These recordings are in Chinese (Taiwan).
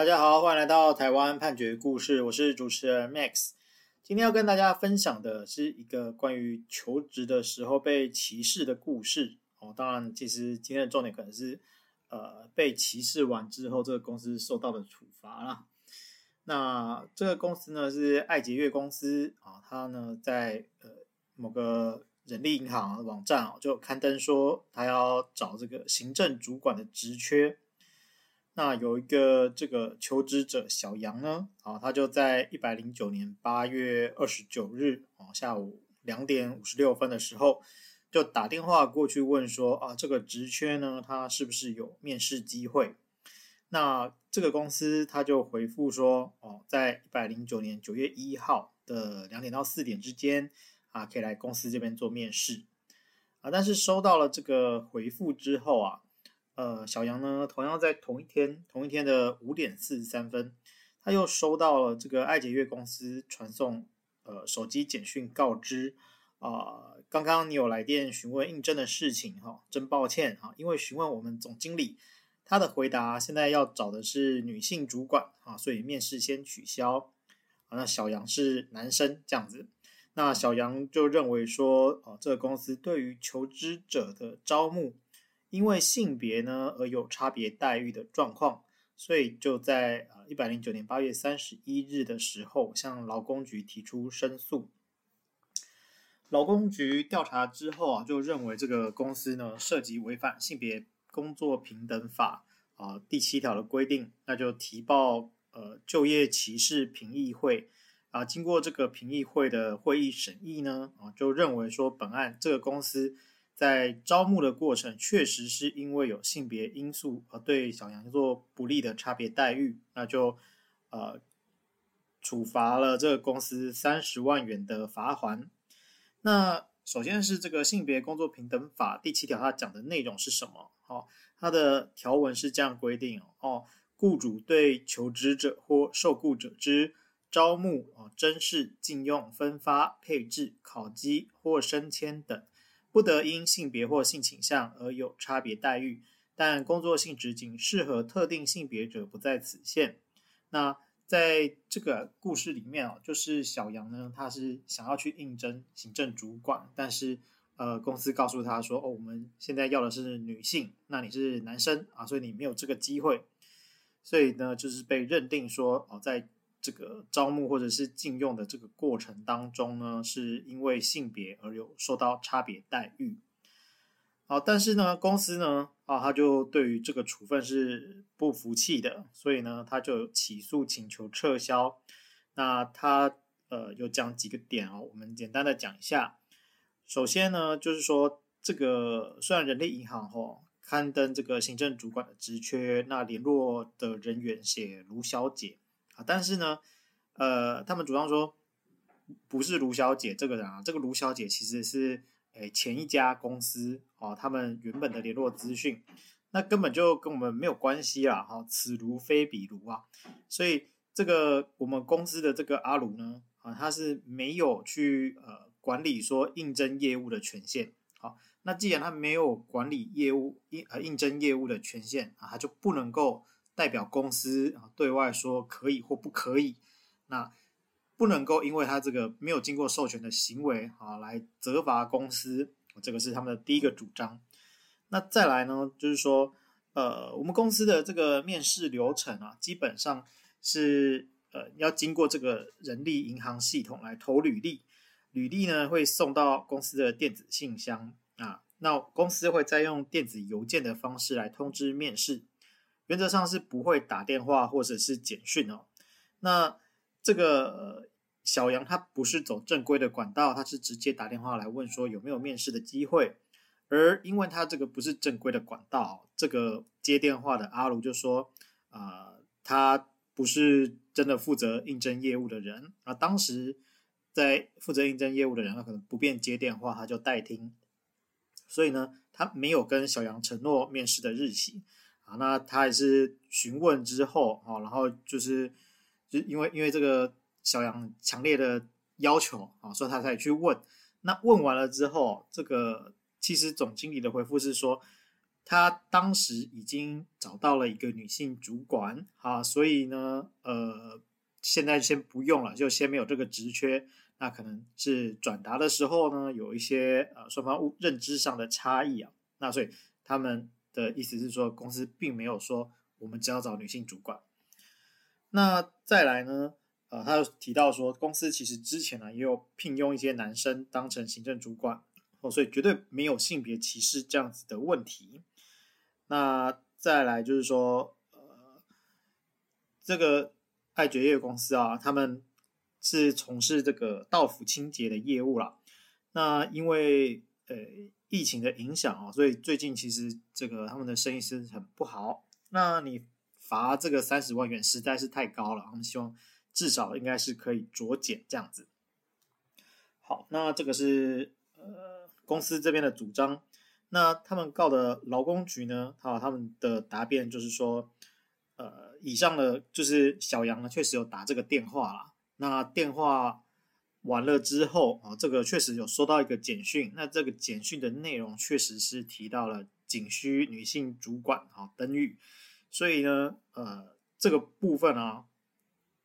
大家好，歡迎來到台灣判決故事，我是主持人 Max。今天要跟大家分享的是一個關於求職的時候被歧視的故事哦。當然，其實今天的重點可能是，呃，被歧視完之後這個公司受到的處罰啦。那這個公司呢是愛捷樂公司啊，哦，它呢在呃某個人力銀行的網站，哦，就刊登說它要找這個行政主管的職缺。那有一個這個求職者小楊呢，啊，他就在一百零九年八月二十九日啊下午兩點五十六分的時候，就打電話過去問說啊，這個職缺呢，他是不是有面試機會？那這個公司他就回復說，哦、啊，在一百零九年九月一號的兩點到四點之間啊，可以來公司這邊做面試啊。但是收到了這個回復之後啊。呃，小楊呢，同樣在同一天、同一天的五點四十三分，他又收到了這個愛捷樂公司傳送呃手機簡訊告知，啊、呃，剛剛你有來電詢問應徵的事情哈、哦，真抱歉啊、哦，因為詢問我們總經理，他的回答現在要找的是女性主管啊、哦，所以面試先取消。啊、哦，那小楊是男生這樣子，那小楊就認為說，哦，這個公司對於求職者的招募。因為性別呢而有差別待遇的狀況，所以就在一百零九年八月三十一日的時候，向勞工局提出申訴。勞工局調查之後啊，就認為這個公司呢涉及違反性別工作平等法啊第七條的規定，那就提報呃就業歧視評議會啊。經過這個評議會的會議審議呢，啊就認為說本案這個公司。在招募的過程，確實是因為有性別因素，而對小楊做不利的差別待遇，那就，呃，處罰了這個公司三十萬元的罰鍰。那首先是這個性別工作平等法第七條，它講的內容是什麼？哦，它的條文是這樣規定哦：雇主對求職者或受雇者之招募、哦甄試、進用、分發、配置、考績或升遷等。不得因性別或性傾向而有差別待遇，但工作性質僅適合特定性別者不在此限。那在這個故事裡面就是小楊呢，他是想要去應徵行政主管，但是呃，公司告訴他說哦，我們現在要的是女性，那你是男生啊，所以你沒有這個機會。所以呢，就是被認定說哦，在這個招募，或者是進用的這個過程當中呢，是因為性別而有受到差別待遇。好，但是呢，公司呢，啊，他就對於這個處分是不服氣的，所以呢，他就起訴請求撤銷。那他呃有講幾個點哦，我們簡單的講一下。首先呢，就是說這個雖然人力銀行吼、哦、刊登這個行政主管的職缺，那聯絡的人員寫盧小姐。但是呢，呃，他們主張說不是盧小姐這個人啊，這個盧小姐其實是，哎、欸，前一家公司哦，他們原本的聯絡資訊，那根本就跟我們沒有關係啦，哈、哦，此盧非彼盧啊，所以這個我們公司的這個阿盧呢，啊、哦，他是沒有去呃管理說應徵業務的權限，好、哦，那既然他沒有管理業務應呃應徵業務的權限啊，他就不能夠。代表公司啊，對外說可以或不可以，那不能夠因為他這個沒有經過授權的行為啊，來責罰公司，這個是他們的第一個主張。那再來呢，就是說，呃，我們公司的這個面試流程啊，基本上是呃要經過這個人力銀行系統來投履歷，履歷呢會送到公司的電子信箱啊，那公司會再用電子郵件的方式來通知面試。原則上是不會打電話或者是簡訊哦。那這個小楊他不是走正規的管道，他是直接打電話來問說，有沒有面試的機會。而因為他這個不是正規的管道，這個接電話的阿魯就說：啊、呃，他不是真的負責應徵業務的人。那、啊、當時在負責應徵業務的人，他可能不便接電話，他就代聽。所以呢，他沒有跟小楊承諾面試的日期。那他也是詢問之後啊、哦，然後就是，就因為因為這個小楊強烈的要求啊、哦，所以他才去問。那問完了之後，這個其實總經理的回復是說，他當時已經找到了一個女性主管啊，所以呢，呃，現在先不用了，就先沒有這個職缺。那可能是轉達的時候呢，有一些呃雙方認知上的差異啊，那所以他們。的意思是說，公司並沒有說我們只要找女性主管。那再來呢？呃，他又提到說，公司其實之前呢也有聘用一些男生當成行政主管，哦，所以絕對沒有性別歧視這樣子的問題。那再來就是說，呃，這個愛爵業公司啊，他們是從事這個道府清潔的業務啦。那因為。呃，疫情的影響啊，哦，所以最近其實這個他們的生意是很不好。那你罰這個三十萬元實在是太高了，我們希望至少應該是可以酌減這樣子。好，那這個是呃公司這邊的主張。那他們告的勞工局呢，好，他們的答辯就是說，呃，以上的就是小楊呢確實有打這個電話了。那電話。完了之後，啊，這個確實有收到一個簡訊，那這個簡訊的內容確實是提到了僅需女性主管啊、等語，所以呢，呃，這個部分啊，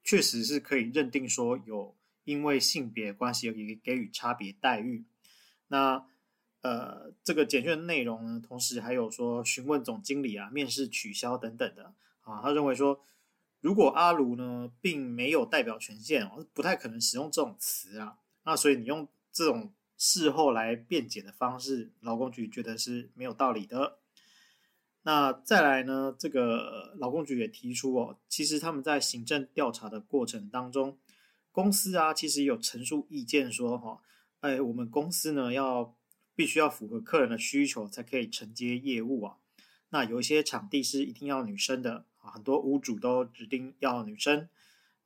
確實是可以認定說有因為性別關係而給給予差別待遇。那呃，這個簡訊的內容呢，同時還有說詢問總經理啊、面試取消等等的啊，他認為說。如果阿盧呢，並沒有代表權限哦，不太可能使用這種詞啊。那所以你用這種事後來辯解的方式，勞工局覺得是沒有道理的。那再來呢，這個勞工局也提出哦，其實他們在行政調查的過程當中，公司啊，其實有陳述意見說哈，哎，我們公司呢要必須要符合客人的需求才可以承接業務啊。那有一些場地是一定要女生的。很多屋主都指定要女生，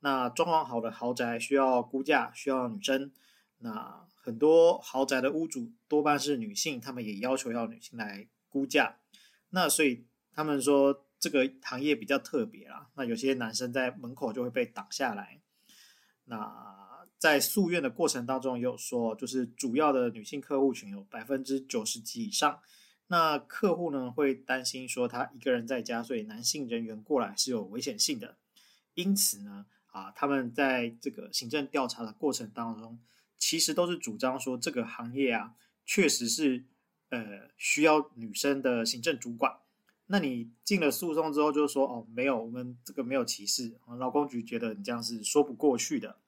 那裝潢好的豪宅需要估價，需要女生。那很多豪宅的屋主多半是女性，他們也要求要女性來估價。那所以他們說這個行業比較特別啦。那有些男生在門口就會被擋下來。那在訴願的過程當中，有說就是主要的女性客戶群有百分之九十幾以上。那客戶呢會擔心說他一個人在家，所以男性人員過來是有危險性的。因此呢，啊，他們在這個行政調查的過程當中，其實都是主張說這個行業啊，確實是呃需要女生的行政主管。那你進了訴訟之後，就說哦，沒有，我們這個沒有歧視。勞工局覺得你這樣是說不過去的。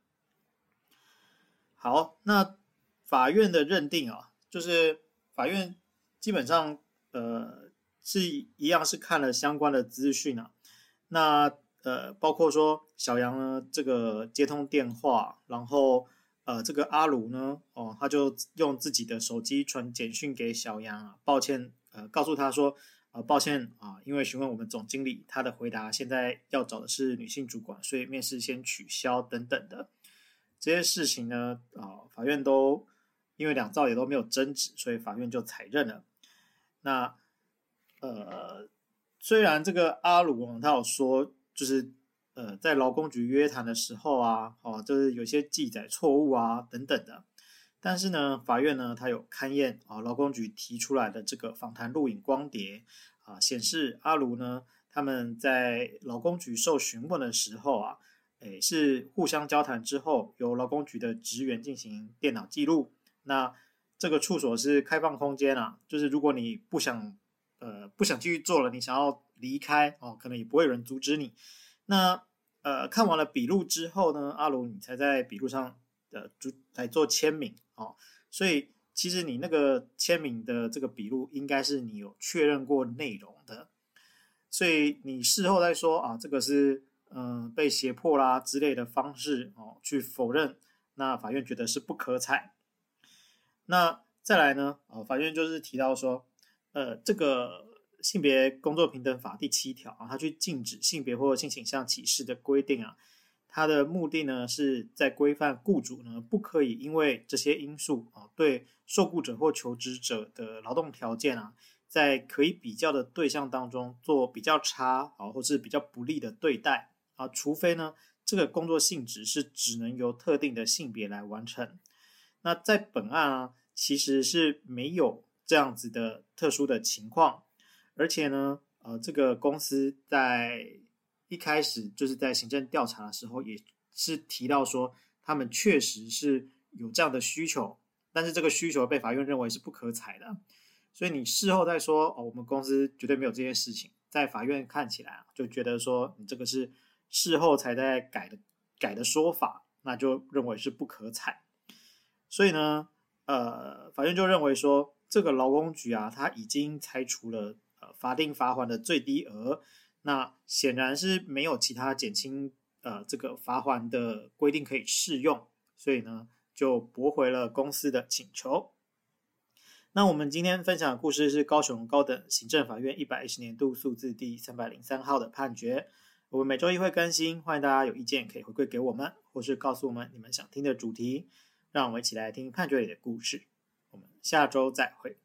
好，那法院的認定啊，就是法院。基本上，呃，是一樣，是看了相關的資訊啊。那呃，包括說小楊呢，這個接通電話，然後呃，這個阿魯呢，哦，他就用自己的手機傳簡訊給小楊啊，抱歉，呃，告訴他說，啊、呃，抱歉啊，因為詢問我們總經理，他的回答現在要找的是女性主管，所以面試先取消等等的這些事情呢，啊，法院都因為兩造也都沒有爭執，所以法院就採認了。那，呃，雖然這個阿魯王他有說，就是呃，在勞工局約談的時候啊，哦，就是有些記載錯誤啊等等的，但是呢，法院呢，他有勘驗啊，勞工局提出來的這個訪談錄影光碟啊，顯示阿魯呢，他們在勞工局受詢問的時候啊，誒，是互相交談之後，由勞工局的職員進行電腦記錄，那。這個處所是開放空間啊，就是如果你不想，呃，不想繼續做了，你想要離開哦，可能也不會有人阻止你。那，呃，看完了筆錄之後呢，阿魯你才在筆錄上呃來做簽名哦。所以其實你那個簽名的這個筆錄，應該是你有確認過內容的。所以你事後再說啊，這個是嗯、呃、被脅迫啦、啊、之類的方式哦去否認，那法院覺得是不可採。那再來呢，啊，法院就是提到說，呃，這個性別工作平等法第七條啊，它去禁止性別或性傾向歧視的規定啊，它的目的呢是在規範僱主呢不可以因為這些因素啊，對受僱者或求職者的勞動條件啊，在可以比較的對象當中做比較差啊，或是比較不利的對待啊，除非呢，這個工作性質是只能由特定的性別來完成。那在本案啊。其實是沒有這樣子的特殊的情況，而且呢，呃，這個公司在一開始就是在行政調查的時候也是提到說，他們確實是有這樣的需求，但是這個需求被法院認為是不可採的。所以你事後再說哦，我們公司絕對沒有這件事情，在法院看起來啊，就覺得說你這個是事後才在改的改的說法，那就認為是不可採。所以呢。呃，法院就認為說，這個勞工局啊，他已經拆除了呃法定罰鍰的最低額，那顯然是沒有其他減輕呃這個罰鍰的規定可以適用，所以呢就駁回了公司的請求。那我們今天分享的故事是高雄高等行政法院一百一十年度訴字第三百零三號的判決。我們每周一會更新，歡迎大家有意見可以回饋給我們，或是告訴我們你們想聽的主題。讓我們一起來聽判決裡的故事，我們下周再會。